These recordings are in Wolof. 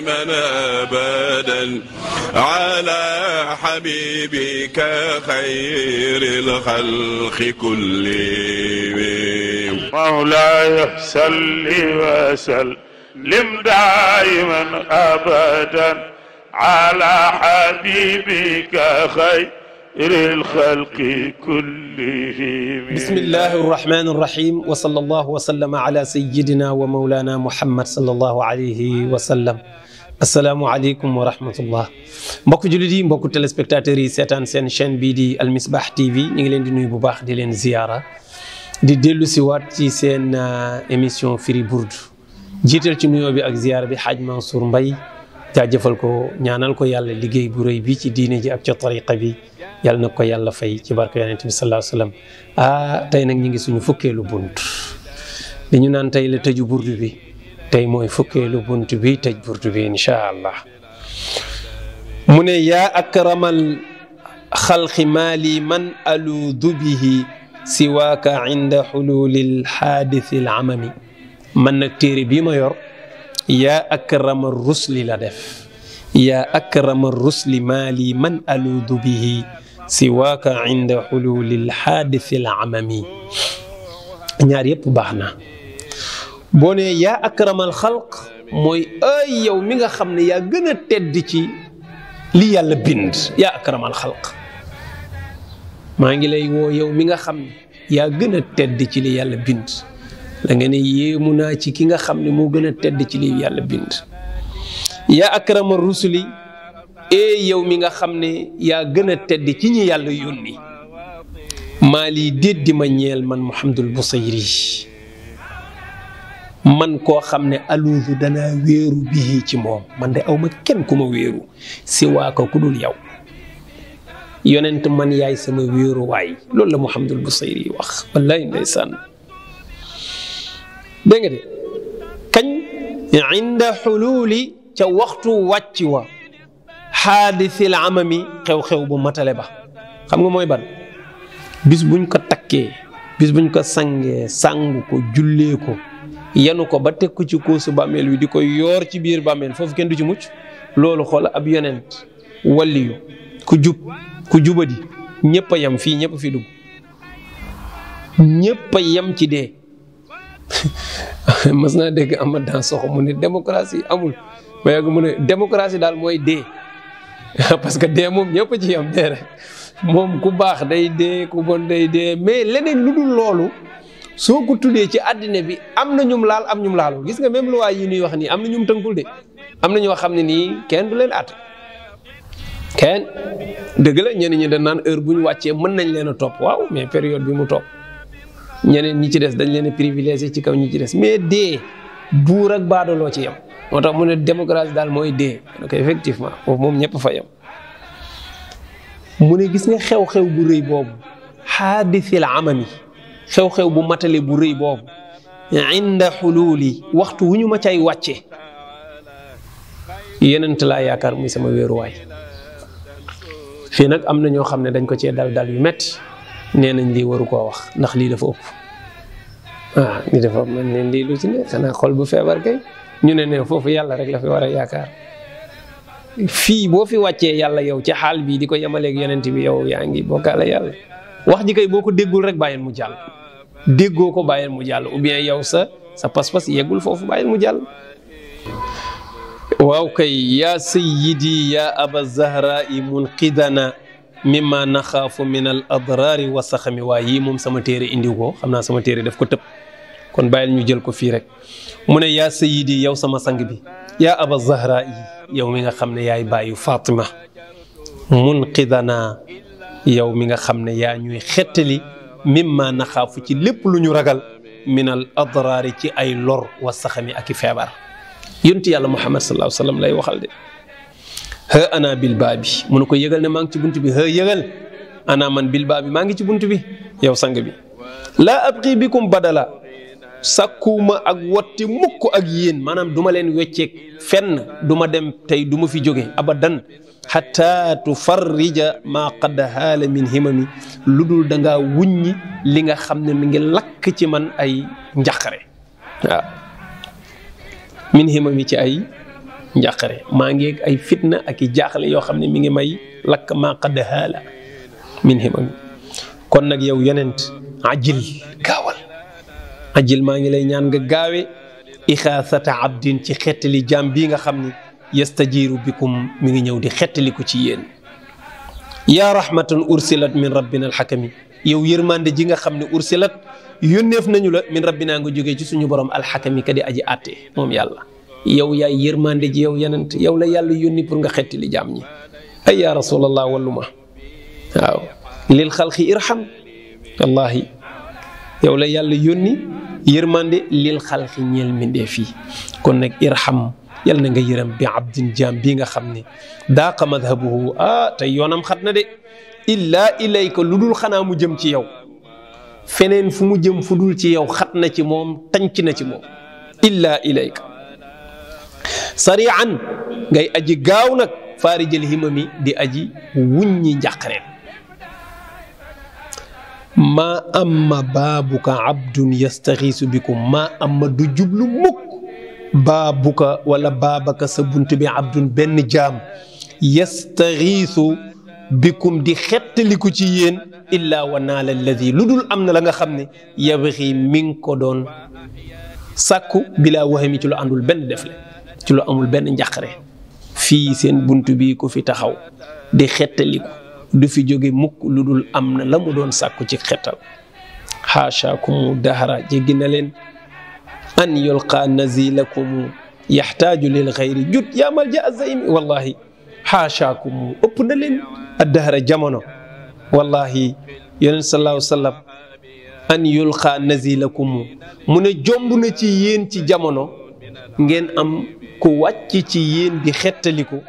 ابدا على حبيبك خير الخلق كلهم مولاي صل وسلم دائما ابدا على حبيبك خير الخلق كلهم بسم الله الرحمن الرحيم وصلى الله وسلم على سيدنا ومولانا محمد صلى الله عليه وسلم asalaamaaleykum wa rahmatullah mbokk jullit yi mbokk téléspectateurs yi seetaan seen chaine bii di Al Misbah TV ñu ngi leen di nuyu bu baax di leen ziyaara di dellu si waat ci seen uh, émission firi burdu jiital ci nuyoo bi ak ziyaara bi xaaj Mansour Mbaye jëfal ko ñaanal ko yàlla liggéey bu rëy bi ci diine ji ak ca tariqa bi yàlla na ko yàlla fay ci barke yonent bi sallallahu alayhi wa sallam ah tey nag ñu ngi suñu fukkeelu bunt dañu naan tey la tëju burdu bi tey mooy fukkeelu bunt bi tëj burtu bi incha allah mu ne yaa akramal xalqi maali man aluudu bihi siwaaka inda xuluuli lxaadisi lamami man nag téere bii ma yor yaa akrama rusli la def yaa akrama rusli maali man aluudu bihi siwaaka inda xuluuli lxaadisi lamami ñaar yépp baax na boo nee yaa akramal xalq mooy ay yow mi nga xam ne yaa gën a tedd ci li yàlla bind yaa akramal xalq maa ngi lay woo yow mi nga xam ne yaa gën a tedd ci li yàlla bind da nga naa ci ki nga xam ne moo gën a tedd ci li yàlla bind yaa akramal rusuli ee yow mi nga xam ne yaa gën a tedd ci ñi yàlla yónni maa lii déet di ma ñeel man Muhammadul Busayri man koo xam ne aluudu danaa wéeru bii ci moom man de aw ma kenn ku ma wéeru si waa ko ku dul yow yonent man yaay sama wéeru waay loolu la Muhammadul Busayri wax wallaay ndeysaan dégg nga de kañ inda xuluuli ca waxtu wàcc wa xaadisil amami xew-xew bu matale ba xam nga mooy ban bis buñ ko takkee bis buñ ko sangee sàng ko jullee ko yanu ko ba teg ko ci kóosu bàmmeel wi di ko yoor ci biir bàmmeel foofu kenn du ci mucc loolu xool ab yonent walliyu ku jub ku jubadi ñëpp a yem fii ñëpp fi dugg ñéppa a yem ci dee mas naa dégg Amath Dansokho mu ne démocratie amul ba yàgg mu ne daal mooy dee parce que dee ñëpp ci yem dee moom ku baax day dee ku bon day dee mais leneen lu dul loolu soo ko tuddee ci àddina bi am na ñum laal am ñum laalu gis nga même luwaay yi ñuy wax nii am na ñum tënkul de am na ñoo xam ne nii kenn du leen àtte kenn dëgg la ñeneen ñi dañ naan heure bu ñu wàccee mën nañ leen topp waaw mais période bi mu topp ñeneen ñi ci des dañ leen a privilégié ci kaw ñi ci des mais dee buur ak baadoloo ci yem moo tax mu ne démocratie daal mooy dee donc effectivement foofu moom ñëpp fa yem mu ne gis nga xew-xew bu rëy boobu xaadisil amami xew-xew bu matale bu rëy boobu inda xuluuli waxtu wu ñu ma cay wàcce yenent laa yaakaar muy sama wéeruwaay fii nag am na ñoo xam ne dañ ko cee dal dal yu metti nee nañ lii waru koo wax ndax lii dafa ëpp ah lii dafa man leen lii lu ci ne xanaa xol bu feebar kay ñu ne ne foofu yàlla rek la fi war a yaakaar fii boo fi wàccee yàlla yow ci xaal bii di ko yemaleeg yonent bi yow yaa ngi bokkaale yàlla wax ji kay boo ko déggul rek bàyyil mu jàll déggoo ko bàyyil mu jàll ou yow sa sa pas-pas yeggul foofu bàyyil mu jàll waaw kay yaa sayyidi yaa aba zahrai munqidana mimma naxaafu min al adraari wa saxami waa yii moom sama téere indi ko xam naa sama téere daf ko tëb kon bàyyil ñu jël ko fii rek mu ne yaa sayidi yow sama sang bi yaa aba zahra yi yow mi nga xam ne yaay bàyyu fatima munqidana yow mi nga xam ne yaa ñuy xettali mimma naxaafu ci lépp lu ñu ragal minal adraari ci ay lor wa saxami ak i feebar yonti yàlla muhammad sallallahu alayhi wa sallam lay waxal de ha ana bil baabi mu ne ko yëgal ne maa ngi ci bunt bi ha yëgal ana man bil baabi maa ngi ci bunt bi yow sang bi laa abqi bikum badala sàkkuwuma ak wotti mukk ak yéen maanaam duma leen wecceeg fenn duma dem tey duma fi jóge abadan xataa tufarrija maa qad haala min himami lu dul da ngaa wuññi li nga xam ne mi ngi lakk ci man ay njaqare waaw min himami ci ay njaqare maa ngi ay fitna ak i jaaxle yoo xam ne mi ngi may lakk maa qad haala min himami kon nag yow yonent ajil gaaw ajil maa ngi lay ñaan nga gaawe ixaasata abdin ci xettali jaam bii nga xam ni yastajiiru bikum mi ngi ñëw di xettaliku ci yéen yaa rahmatan ursilat min rabbina alxakami yow yërmande ji nga xam ne ursilat yónneef nañu la min rabbina nga jógee ci suñu borom alxakami ka di aji àtte moom yàlla yow yaay yërmande ji yow yenent yow la yàlla yónni pour nga xettali jam ñi ay yaa rasulallah walluma waaw lil xalqi irham wallahi yow la yàlla yónni yërmande lil xalqi ñeel mbindeef yi kon nag irham yal na nga yëram bi abdin jaam bii nga xam ni daaqa madhabuhu ah tey yoonam xat na de illaa ilayka lu dul xanaa mu jëm ci yow feneen fu mu jëm fu dul ci yow xat na ci moom tànc na ci moom illaa ilayka sarian ngay aji gaaw nag faarijal himami di aji wuññi njàqareen maa amma baabuka abdun yastaxiisu bikum maa amma du jublu mukk baabuka wala baabaka sa bunt bi abdun benn jaam yastaxiisu bikum di xettaliku ci yéen illaa wa naa la alladi lu dul am na la nga xam ne yabaxi mi ngi ko doon sàkku bilaa waxami ci lu àndul benn def le ci lu amul benn njàqare fii seen bunt bi ku fi taxaw di xettaliku du fi jóge mukk lu dul am na la mu doon sàkku ci xetal xaashaakumu dahra jéggi na leen an yulqa nazilakumu yaxtaaju lil xayri jut yaa malja azaymi wallahi xaashaakumu ëpp na leen addahra jamono wallahi yonent sallallahu sallam an yulqa nazilakumu mu ne jomb na ci yéen ci jamono ngeen am ku wàcc ci yéen di xettaliku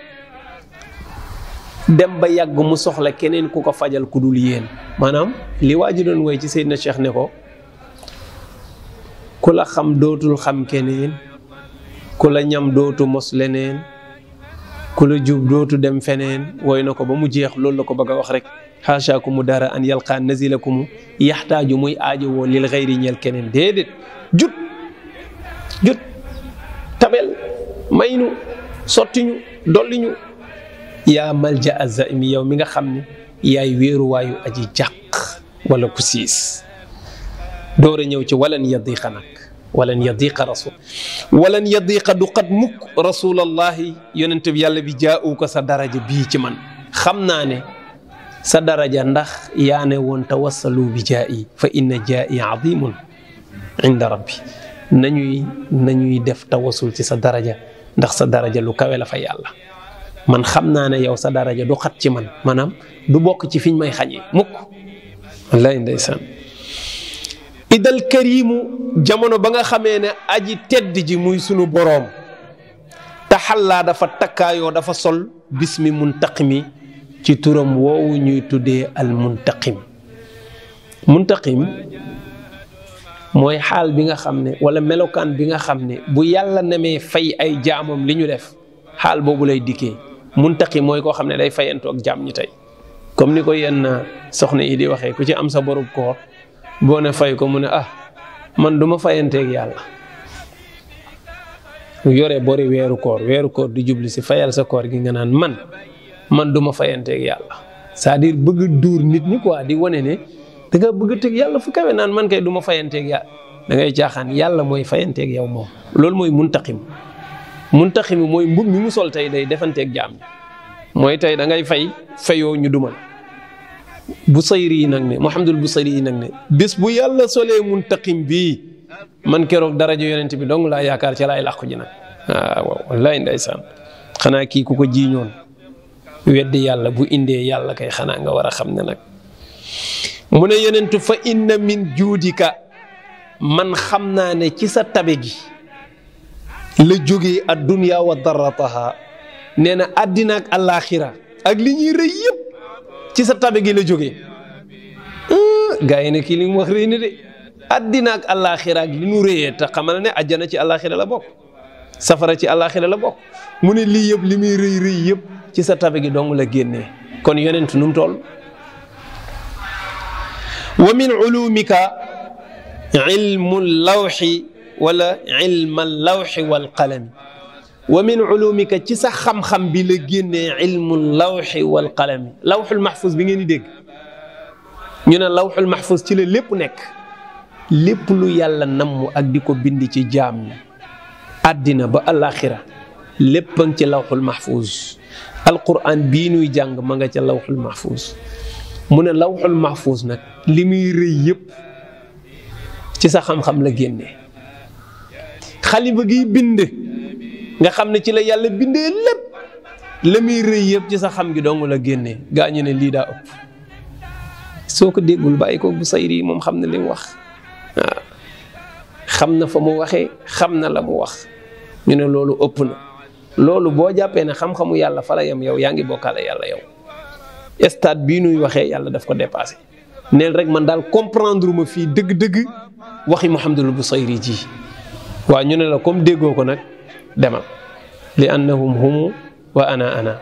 dem ba yàgg mu soxla keneen ku ko fajal ku dul yéen maanaam li waa ji doon woy ci Seydina Cheikh ne ko ku la xam dootul xam keneen ku la ñam dootu mos leneen ku la jub dootu dem feneen woy na ko ba mu jeex loolu la ko bëgg a wax rek mu dara an yalqaan nazilakumu yaxtaaju muy aajowoo lil xayri ñel keneen déedéet jut jut tabel may nu sotti ñu dolli ñu yaa malja azaimi yow mi nga xam ne yaay wéeruwaayu aji jàq wala ku siis door a ñëw ci walan yadiqa nag walan yadiqa rasul walan yadiqa du xat mukk rasulallahi yonent bi yàlla bi jaawu ko sa daraja bii ci man xam naa ne sa daraja ndax yaa ne woon bi jaa yi fa inna jaa yi adimun rabbi nañuy nañuy def tawasul ci sa daraja ndax sa daraja lu kawe la fa man xam naa ne yow sa daraja du xat ci man maanaam du bokk ci fiñ may xañee mukk wallaay ndeysaan idal karimu jamono ba nga xamee ne aji tedd ji muy sunu boroom laa dafa takkaayoo dafa sol bismi muntaqimi ci turam woowu ñuy tuddee al muntaqim muntaqim mooy xaal bi nga xam ne wala melokaan bi nga xam ne bu yàlla namee fay ay jaamam li ñu def xaal boobu lay dikkee mun muntaqi mooy koo xam ne day fayantoog ak jaam ñi tey comme ni ko yenn soxna yi di waxee ku ci am sa borub koor boo ne fay ko mu ne ah man duma fayanteeg yàlla mu yore bori weeru koor weeru koor di jubli si fayal sa koor gi nga naan man man du fayanteeg yàlla cest à bëgg duur nit ñi quoi di wane ne da nga bëgg teg yàlla fu kawe naan man kay du ma fayanteeg yàlla dangay ngay caaxaan yàlla mooy fayanteeg yow moom loolu mooy muntaqim muntaxim mi mooy mbub mi mu sol tey day defanteeg jaam ñi mooy tey da ngay fay fayoo ñu dumal bu sayri yi nag ne Muhammadul bu sayri yi nag ne bés bu yàlla solee muntaxim bi man keroog daraja yonent bi dong laa yaakaar ci laay làqu ji nag ah, waaw wallaay ndeysaan xanaa kii ku ko jiiñoon weddi yàlla bu indee yàlla kay xanaa nga war a xam ne nag mu ne yonentu fa inna min juudika man xam naa ne ci sa tabe gi la jógee ad dunya wa darrataha nee na àddina ak àllaaxira ak li ñuy rëy ci sa tabigi la jógee gaa yi ne kii li mu wax rëy na de àddina ak ak li mu rëyee te ne àjjana ci àllaaxira la bokk safara ci àllaaxira la bokk mu ne lii yëpp li muy rëy rëy yëpp ci sa tabigi gi dong la génnee kon yonent nu mu toll wa min ulumika ilmu lawxi ولا علم اللوح والقلم ومن علومك تي سا خم خم بي علم اللوح والقلم لوح المحفوظ بي ني ديغ ني لوح المحفوظ تي ليپ نيك ليپ لو يالا نام اك ديكو بيندي تي جام ادنا با الاخره ليپ نك لوح المحفوظ القران بي نوي جانغ ماغا لوح المحفوظ من لوح المحفوظ نك لي مي ري خم خم لا xalifa gi bind nga xam ne ci la yàlla bindee lépp la muy rëy yëpp ci sa xam gi dong la génnee gaa ñu ne lii daa ëpp soo ko déggul bàyyi ko bu sayri moom xam na li mu wax xam na fa mu waxee xam na la mu wax ñu ne loolu ëpp na loolu boo jàppee ne xam-xamu yàlla fa la yem yow yaa ngi bokkaale yàlla yow stade bii nuy waxee yàlla daf ko dépassé neel rek man daal comprendre ma fii dëgg-dëgg waxi bu Busayri ci waa ñu ne la comme déggoo ko nag demal li annahum humu wa ana ana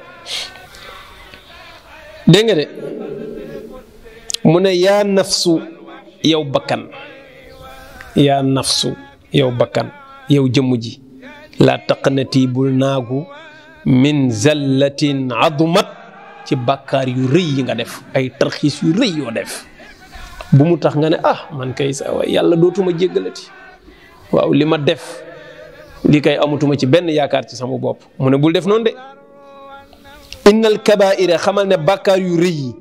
dégg de mu ne yaa nafsu yow bakkan yaa nafsu yow bakkan yow jëmm ji laa taqnati bul naagu min zallatin adumat ci bakkaar yu rëy yi nga def ay tarxiis yu rëy yoo def bu mu tax nga ne ah man kay sa yàlla dootuma jéggalati waaw li ma def li kay amatuma ci benn yaakaar ci sama bopp mu ne bul def noonu de innal kabaira xamal ne bàkkaar yu rëy yi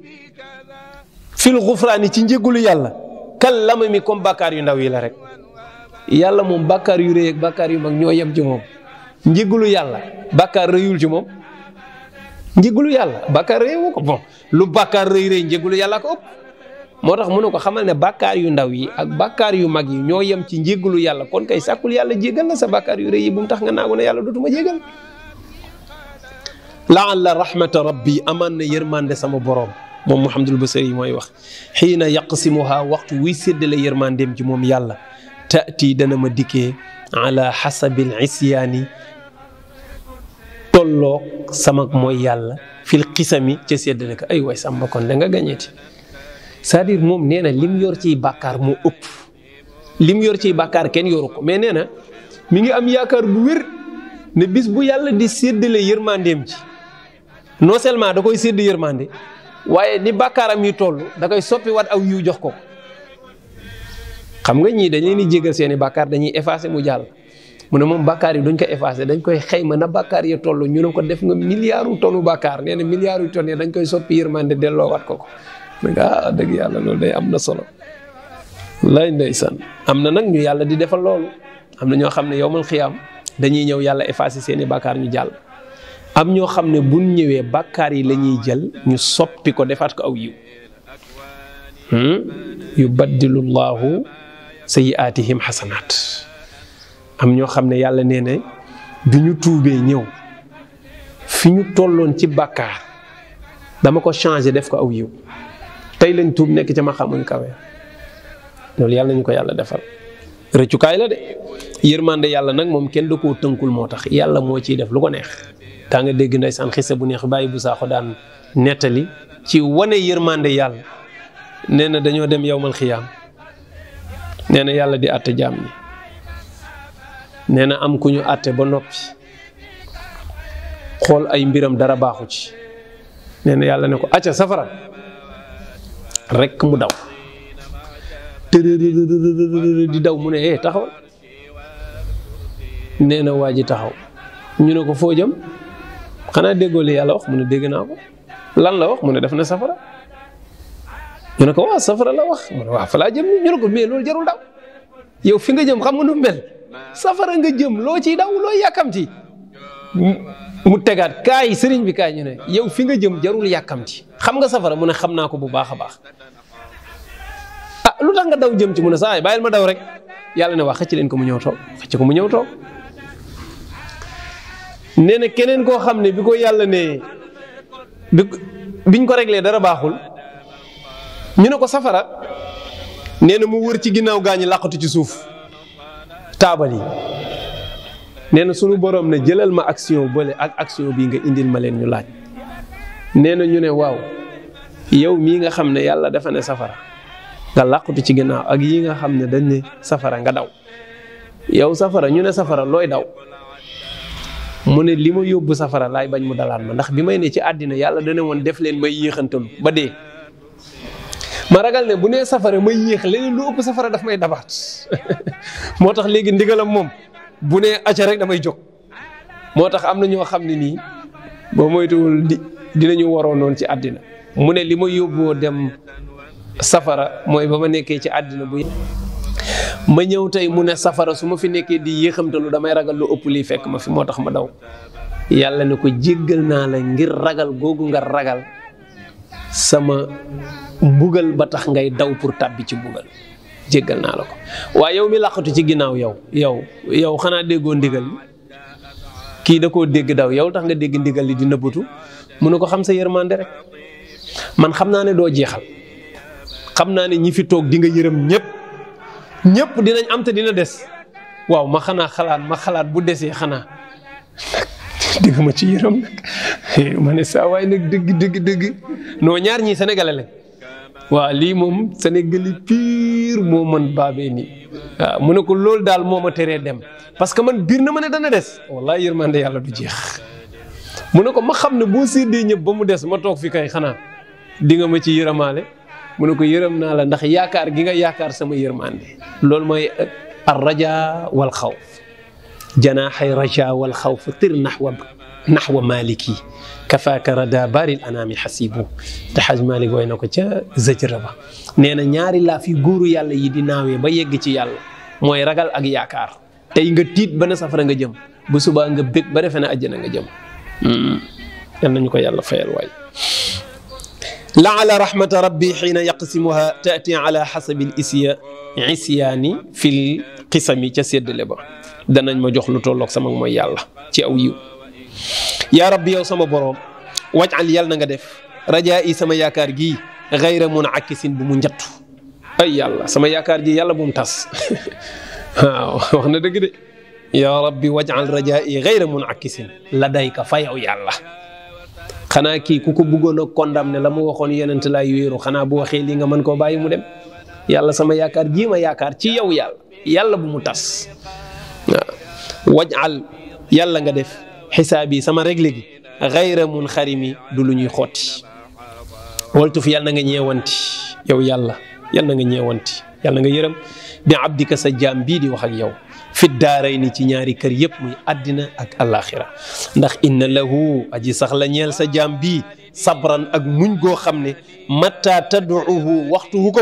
fil xufraani ci njëgulu yàlla kan lama mi comme yu ndaw yi la rek yàlla moom bàkkaar yu rëy ak bàkkaar yu mag ñoo yem ci moom njëgulu yàlla bàkkaar rëyul ci moom njëgulu yàlla bàkkaar rëyewu ko bon lu bàkkaar rëy rëy njëgulu yàlla ko ëpp moo tax mu ko xamal ne bàkkaar yu ndaw yi ak bàkkaar yu mag yi ñoo yem ci njéggalu yàlla kon kay sàkkul yàlla jéggal la sa bàkkaar yu rëy yi bu mu tax nga naagu ne yàlla dootuma jéggal laalla rahmata rabbi amaan na yërmande sama boroom moom Mouhamadul Basari yi mooy wax xiina yaqsimuha waxtu wuy séddale yërmandeem ci moom yàlla taati dana ma dikkee ala xasabil isyaani tolloog sama mooy yàlla fi xisami ca séddale ko ay waay sàmba kon da nga gañeeti sa diir moom nee na lim yor ciy bàkkaar moo ëpp lim yor ciy bàkkaar kenn yoru ko mais nee na mi ngi am yaakaar bu wér ne bis bu yàlla di séddale yërmandeem ji non seulement da koy sédd yërmande waaye ni bàkkaaram yi toll da koy soppi wat aw yiw jox ko xam nga ñii dañ leen di jégal seeni bàkkaar dañuy effacé mu jàll mu a moom bàkkaar yi duñ ko effacé dañ koy xayma na bàkkaar yi toll ñu ne ko def nga milliard u tonu bàkkaar nee na u ton yi dañ koy soppi yërmande delloo wat ko ne dëgg yàlla loolu day am na solo lay ndeysaan am na nag ñu yàlla di defal loolu am na ñoo xam ne yowmal xiyaam dañuy ñëw yàlla effacer seeni bàkkaar ñu jàll am ñoo xam ne buñ ñëwee bàkkaar yi la jël ñu soppi ko defaat ko aw yiw hmm? yubaddilu llaahu sayyiaatihim xasanaat am ñoo xam ne yàlla nee na bi ñu tuubee ñëw fi ñu tolloon ci bàkkaar dama ko changé def ko aw yiw tey lañ tuub nekk ca maqaam muñ kawe loolu yàlla nañu ko yàlla defal rëccukaay la de yërmande yàlla nag moom kenn da koo tënkul moo tax yàlla moo ciy def lu ko neex daa nga dégg ndeysaan xisa bu neex bàyyi bu saaxo daan nettali ci wane yërmande yàlla nee na dañoo dem yowmal xiyaam nee na yàlla di àtte jaam ñi nee na am ku ñu àtte ba noppi xool ay mbiram dara baaxu ci nee na yàlla ne ko acca safara rek mu daw tërërërërërë di daw mu ne eh taxaw nee na waa ji taxaw ñu ne ko foo jëm xanaa déggoo li yàlla wax mu ne dégg naa ko lan la wax mu ne def na safara ñu ne ko waaw safara la wax mu ne waaw fa laa jëm ñu ne ko mais loolu jarul daw yow fi nga jëm xam nga nu mel safara nga jëm loo ciy daw loo yàkkamti mu tegaat kaay sëriñ bi kaay ñu ne yow fi nga jëm jarul yàkkamti xam nga safara mu ne xam naa ko bu baax a baax ah lu tax nga daw jëm ci mu ne saa yi bàyyil ma daw rek yàlla ne wax xëcc leen ko mu ñëw toog xëcc ko mu ñëw toog nee na keneen koo xam ne bi ko yàlla ne bi biñ ko réglé dara baaxul ñu ne ko safara nee na mu wër ci ginnaaw gaañi làqatu ci suuf taabal yi. nee na sunu boroom ne jëlal ma action bële ak action bii nga indil ma leen ñu laaj nee na ñu ne waaw yow mii nga xam ne yàlla dafa ne safara nga làqutu ci ginnaaw ak yii nga xam ne dañ ne safara nga daw yow safara ñu ne safara looy daw mu ne li ma yóbbu safara laay bañ mu dalaat ma ndax bi may nee ci àddina yàlla dana woon def leen may yéexantalu ba dee ma ragal ne bu nee safara may yéex leneen lu ëpp safara daf may dabaat moo tax léegi ndigalam moom bu nee acca rek damay jóg moo tax am na ñoo xam ne nii boo moytuwul di dinañu waroo noonu ci àddina mu ne li ma yóbboo dem safara mooy ba ma nekkee ci àddina bu ma ñëw tey mu ne safara su ma fi nekkee di yéexamtalu damay ragal lu ëpp lii fekk ma fi moo tax ma daw yàlla ne ko jéggal naa la ngir ragal googu nga ragal sama mbugal ba tax ngay daw pour tàbbi ci mbugal jéggal naa la ko waaye yow mi làqatu ci ginnaaw yow yow yow xanaa déggoo ndigal li kii da koo dégg daw yow tax nga dégg ndigal li di nëbbatu mu ne ko xam sa yërmande rek man xam naa ne doo jeexal xam naa ne ñi fi toog dinga nga yërëm ñépp ñëpp dinañ am te dina des waaw ma xanaa xalaat ma xalaat bu desee xanaa dégg ma ci yërëm nag ma ne saa waay nag dëgg dëgg dëgg non ñaar ñii sénégalais lañ li mom moom sénégalais pire mo man babé ni waaw ya, mu ne ko loolu daal dem parce que man biir na dana des wallahi yermande yalla du jeex mu ko ma xamné bo sédé séddee ñëpp ba mu des ma tok fi kay xana di nga ma ci ko la ndax yaakar gi nga yaakar sama yermande lol moy ar raja wal khawf janahi raja wal khawf tir naxwa naxwa maliki kafaaka rada baril anaami xasibu te xaj malik way na ko ca zëjëra ba nee na ñaari laaf yu góoru yàlla yi di naawee ba yegg ci yàlla mooy ragal ak yaakaar tey nga tiit ba ne safara nga jëm bu subaa nga bég ba defe ne àjjana nga jëm hmm. yal nañu ko yàlla fayal waay laala rahmata rabbi xiina yaqsimuha taati ala xasabil isya isyaani fil qisami ca séddale ba danañ ma jox lu tolloog sama mooy yàlla ci aw Ya rabbi yow sama borom wajal yal na nga def sama yaakaar gi ghayra munakisin bu mu njattu ay yalla sama yaakaar gi yalla bu mu tas waaw wax na de ya rabbi wajal rajaa ghayra munakisin ladayka fa yow yalla xana ki kuku bugono ku ko bëggoon a condamné la mu waxoon yenent laay wéeru bu li nga man ko bayyi mu dem yalla sama yaakaar gi ma yaakaar ci yow yalla yalla bu mu tas waaw wajal nga def hisabi sama regle gi xayra munkharimi du luñuy xoti waltu fi yalla nga ñewanti yow yalla yalla nga ñewanti yalla nga yeeram bi abdika sa jambi di wax ak yow fi daraini ni ci ñaari kër yep muy adina ak al-akhirah ndax inna lahu aji sax la ñeel sa jambi sabran ak muñ go xamne mata tad'uhu taduuhu waxtu ko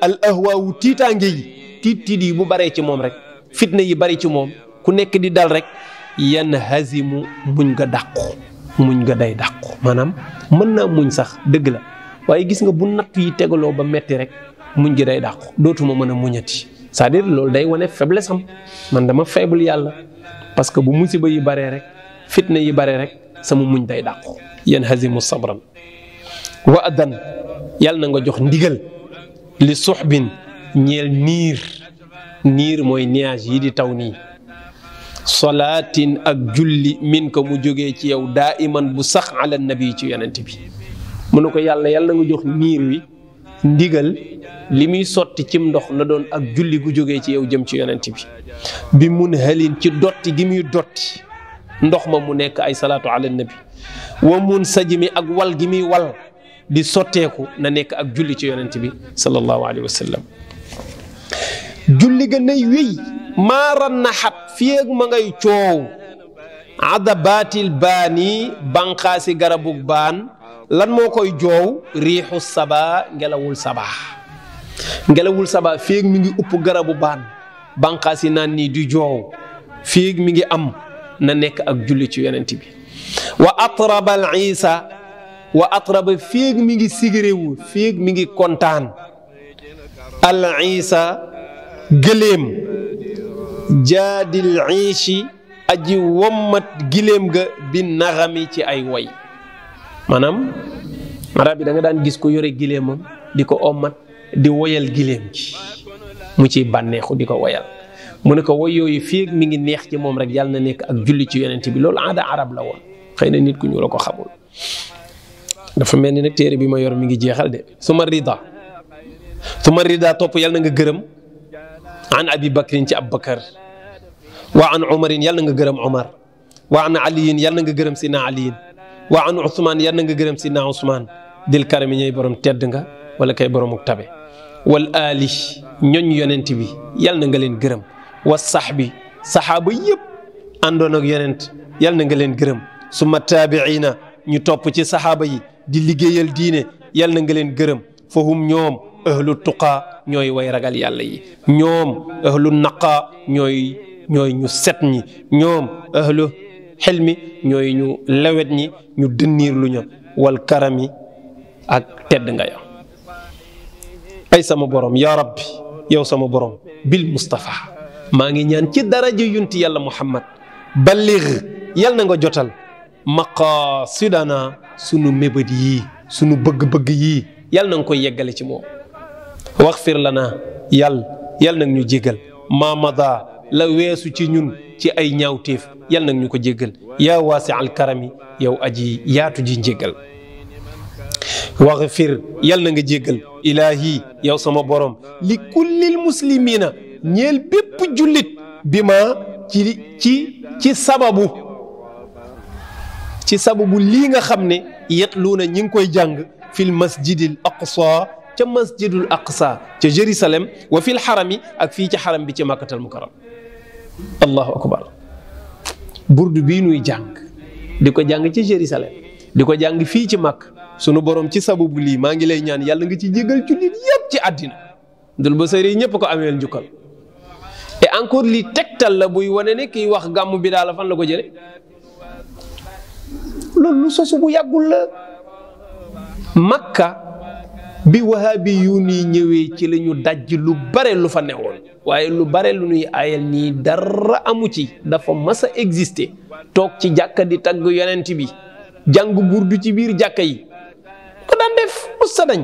al ahwa wu titangi titidi bu bare ci mom rek fitna yi bare ci mom ku nek di dal rek yan hasimu muñ nga dàqu muñ ga day dàqu maanaam mën naa muñ sax dëgg la waaye gis nga bu natt yi tegaloo ba metti rek muñ gi day dàqu dootuma mën a muñati cest à loolu day wane faiblesse am man dama faible yàlla parce que bu musiba yi baree rek fitna yi bare rek sama muñ day dàqu yan hasimu sabran wa adan yàlla na nga jox ndigal li suxbin ñeel niir niir mooy nuage yi di taw nii solaatin ak julli min mu jógee ci yow daa iman bu sax ala nabi ci yonent bi mu ne ko yàlla yàlla nga jox niir wi ndigal li muy sotti cim ndox na doon ak julli gu jóge ci yow jëm ci yonent bi bi mun halin ci dotti gi muy dotti ndox ma mu nekk ay salaatu ala nabi wa mun sajimi ak wal gi muy wal di sotteeku na nekk ak julli ci yonent bi sallallahu alayhi wa julli ga nay wéy maaran naxat fii ma ngay coow adabaatil baani banqaasi garabug baan lan moo koy joow riixu saba ngelawul saba ngelawul saba fii mi ngi upp garabu baan banqaasi naan nii di joow fii mi ngi am na nekk ak julli ci yonent bi wa atraba al isa wa atraba fii mi ngi sigiréwu fii mi ngi kontaan al isa gëléem jadil ishi aji wommat gilem ga bi nagami ci ay way manam arab yi da nga dan gis ko yore gilem di ko omat di woyal gilem ci mu ci banexu di ko woyal mu ne ko woy yooyu fii mi ngi neex ci mom rek yàlla na nekk ak julli ci yonent bi ada arab la won xeyna na nit ku ñu la ko xamul dafa bi ma yor mi ngi jeexal de suma rida suma rida top nga an abi bakrin ci Abbakar. وعن عمر يلا نغرم عمر وعن علي يلا نغرم سيدنا علي وعن عثمان يلا نغرم سيدنا عثمان ديل كارمي ني بروم تيدغا ولا كاي بروم تابي والالي نيون يوننت بي يلا نغلين غرم والصحبي صحابي ييب اندون اك يوننت يلا نغلين غرم ثم تابعينا ني توپ سي صحابه يي يلا نغلين غرم فهم نيوم اهل التقى نيوي وي راغال يالا اهل النقى نيوي ñooy ñu set ñi ñoom ahlu xilmi ñooy ñu lawet ñi ñu dënniir lu ña wal karami ak tedd nga ya ay sama borom yaa rabbi yow sama borom bil Mustapha maa ngi ñaan ci daraja yunti yàlla Muhammad balligh yal na nga jotal maqaasidana sunu mébét yi sunu bëgg-bëgg yii yal na nga koy yeggale ci moom waxfir lana yàlla yal na nga ñu jégal maamada la weesu ci ñun ci ay ñaawteef yal nag ñu ko jéggal yaa waasi al karami yow aji yaatu ji njéggal waxfir yal na nga jéggal ilaahi yow sama borom li kullil muslimina ñeel bépp jullit bi ma ci ci ci sababu ci sababu lii nga xam ne yetluuna ñi ngi koy jàng fil masjidil aqsa ca masjidul aqsa ca Jérusalem wa fil xarami ak fii ci xaram bi ci makkatal mukaram allahu akbar burdu bii nuy jàng di ko jàng ci Jérusalem di ko jàng fii ci Makka sunu borom ci sababu lii maa ngi lay ñaan yàlla ngi ci jéggal jullit yépp ci àddina dul ba sëriñ ñëpp ko ameel njukkal te encore lii tegtal la buy wane ne kiy wax gàmm bi daal fan la ko jële loolu sosu bu yàggul la Makka bi wahabi yu nii ñëwee ci lañu ñu daj lu bare lu fa newoon waaye lu bare lu nuy ayal nii dara amu ci dafa masa a toog ci jàkka di tagg yonent bi jàng burdu ci biir jàkka yi ko daan def musta dañ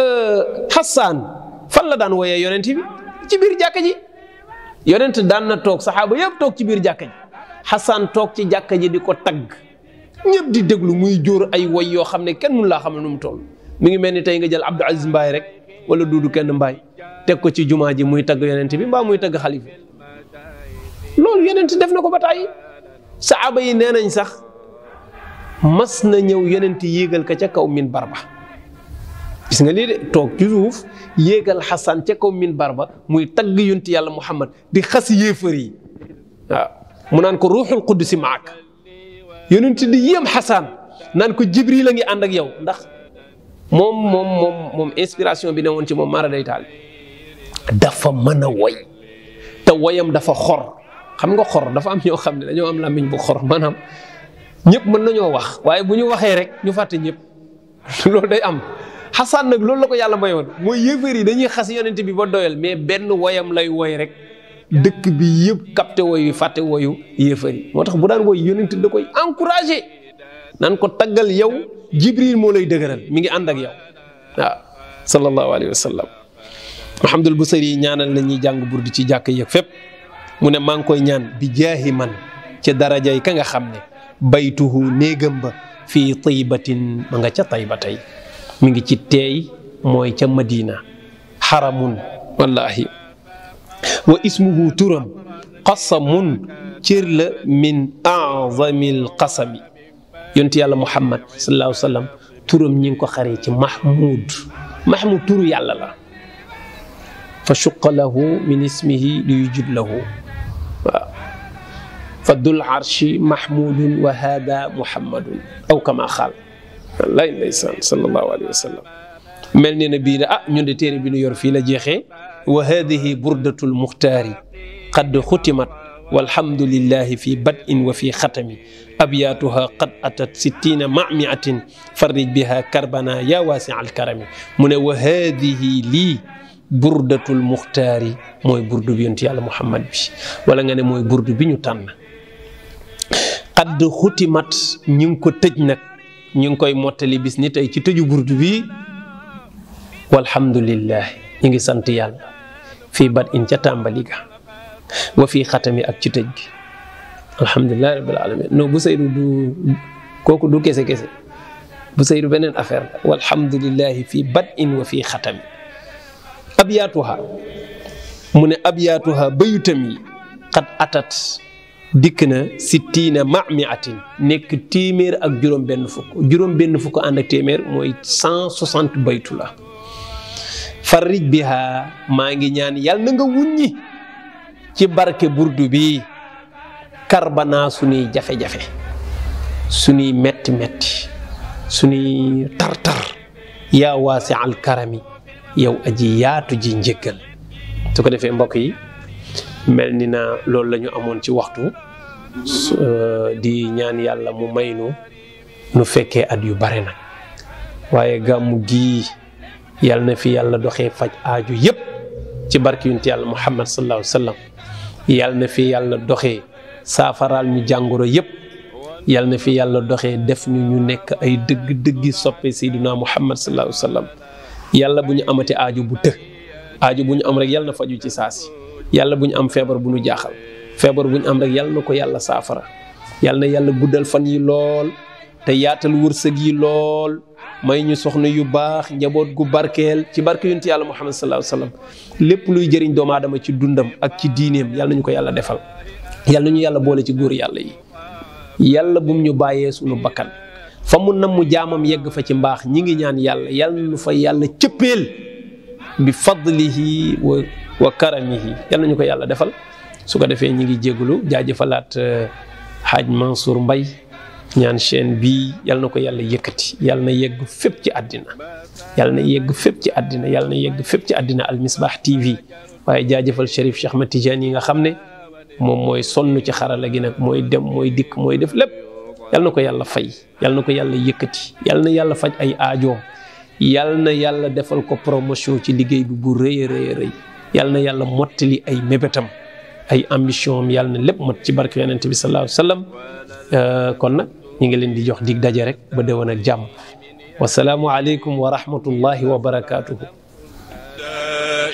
euh, Hassan fan la daan woyee yonent bi ci biir jàkka ji yonent daan na toog saxaaba yëpp toog ci biir jàkka ji Hassan toog ci jàkka ji di ko tagg ñëpp di déglu muy jóor ay woy yoo xam ne kenn mun laa xam ne nu mu toll mu ngi mel ni tey nga jël Abdou Aziz Mbaye rek wala duudu kenn mbaay teg ko ci jumaa ji muy tagg yonent bi mbaa muy tagg xalifa loolu yonent def na ko ba tàyyi saaba yi nee nañ sax mas na ñëw yonent yéegal ko ca kaw min barba gis nga lii de toog ci yéegal xasan ca kaw min barba muy tagg yonent yàlla muhammad di xas yéefar yi mu naan ko ruuxul quddusi maak yonent di yéem xasaan naan ko jibril la ngi ànd ak yow ndax moom moom moom moom inspiration bi ne woon ci moom mara day taal dafa mën a woy te woyam dafa xor xam nga xor dafa am ñoo xam ne dañoo am làmmiñ bu xor maanaam ñëpp mën nañoo wax waaye bu ñu waxee rek ñu fàtte ñëpp loolu day am xasaan nag loolu la ko yàlla mayoon mooy yëfër yi dañuy xas yonent bi ba doyal mais benn woyam lay woy rek dëkk bi yëpp capté woyu fàtte woyu yëfër yi moo tax bu daan woy yonent da koy encouragé naan ko taggal yow jibril moo lay dëgëral mi ngi ànd ak yow waaw sallallahu alayhi wa Mouhamadul Busiri ñaanal na ñuy jàng burdu ci jàkk yëg fépp mu ne maa ngi koy ñaan bi jaahi man ca darajay ka nga xam ne baytuhu néegam ba fii taybatin ma nga ca tayba tey mi ngi ci teey mooy ca madina xaramun wallahi wa ismuhu turam qasamun cër la min azamil qasami yontu yàlla mu sallallahu alayhi wa sallam turam ñi ngi ko xaree ci mahmud mahmud turu yàlla la فشق له من اسمه ليجب له فذو العرش محمود وهذا محمد او كما قال لا انسان صلى الله عليه وسلم ملني نبي اه نون دي تيري بي نيور في لا وهذه برده المختار قد ختمت والحمد لله في بدء وفي ختم ابياتها قد اتت ستين معمعة فرج بها كربنا يا واسع الكرم من وهذه لي burdatul muxtaari mooy burdu bi yonent yàlla muhammad bi wala nga ne mooy burdu bi ñu tànn xadd xutimat ñu ngi ko tëj nag ñu ngi koy mottali bis ni tey ci tëju burdu bi walhamdulillah ñu ngi sant yàlla fii bat in ca tàmbali ga wa fii xatami ak ci tëj gi alhamdulillahi rabbil alamin non bu saydu kooku du kese kese bu saydu beneen affaire la walhamdulillahi fii bat in wa fii xatami abyaatuha mu ne abyaatuha bayutam yi xat atat dikk na sittiina mami atin nekk téeméer ak juróom benn fukk juróom benn fukk ànd ak téeméer mooy cent soixante baytu la farrij biha maa ngi ñaan yàlla na nga wuññi ci barke burdu bi karbanaa suñuy jafe-jafe suñuy metti metti suñuy tar-tar yaa waasi al karami yow aji yaatu ji njëkkal su ko defee mbokk yi mel ni na loolu lañu amoon ci waxtu euh, di ñaan yàlla mu may nu nu fekkee at yu bare na waaye gàmmu gii yàlla na fi yàlla doxe faj aaju yépp ci barki yonent yàlla muhammad sallallahu alayhi wa sallam na fi yàlla doxe saafaraal ñu jàngoro yépp yàlla na fi yàlla doxe def ñu ñu nekk ay dëgg-dëggi soppe sayduna muhammad sallallahu alayhi wa yàlla bu ñu amati aaju bu të ajo bu ñu am rek yàlla na faju ci saasi yàlla bu am feebar bu ñu jaaxal feebar bu ñu am rek yàlla na ko yàlla saafara yàlla yàlla guddal fan yi lool te yaatal wërsëg yi lool may ñu soxna yu baax njaboot gu barkeel ci barke yonent yàlla Muhammad sallallahu alayhi wasallam lépp luy jëriñ doomaadama ci dundam ak ci diineem yàlla nañu ko yàlla defal yàlla nañu yàlla boole ci góor yàlla yi yàlla bum ñu bàyyee suñu bakkan fa mu namm jaamam yegg fa ci mbaax ñi ngi ñaan yàlla yal nañu fa yàlla cëppeel bi fadlihi wa wa karamihi yal nañu ko yàlla defal su ko defee ñi ngi jégalu jaajëfalaat euh, Haaj Mansour Mbay ñaan chaîne bii yal na ko yàlla yëkkati yal na yegg fépp ci àddina yàlla na yegg fépp ci addina yal na yegg fépp ci àddina Al Misbah TV waaye jaajëfal Cherif Cheikh Ahmed yi nga xam ne moom mooy sonn ci xarala gi nag mooy dem mooy dikk mooy def lépp yal na ko yàlla fay yal na ko yàlla yëkkati yal na yàlla faj ay aajo yal na yàlla defal ko promotion ci liggéey bi bu rëy a rëy rëy yal na yàlla mottali ay mébétam ay ambition am yal na lépp mat ci barke yonent bi euh, kon nag ñu ngi leen di jox dig daje rek ba déwén ak jàmm wasalaamualeykum wa rahmatullahi wa barakaatuhu.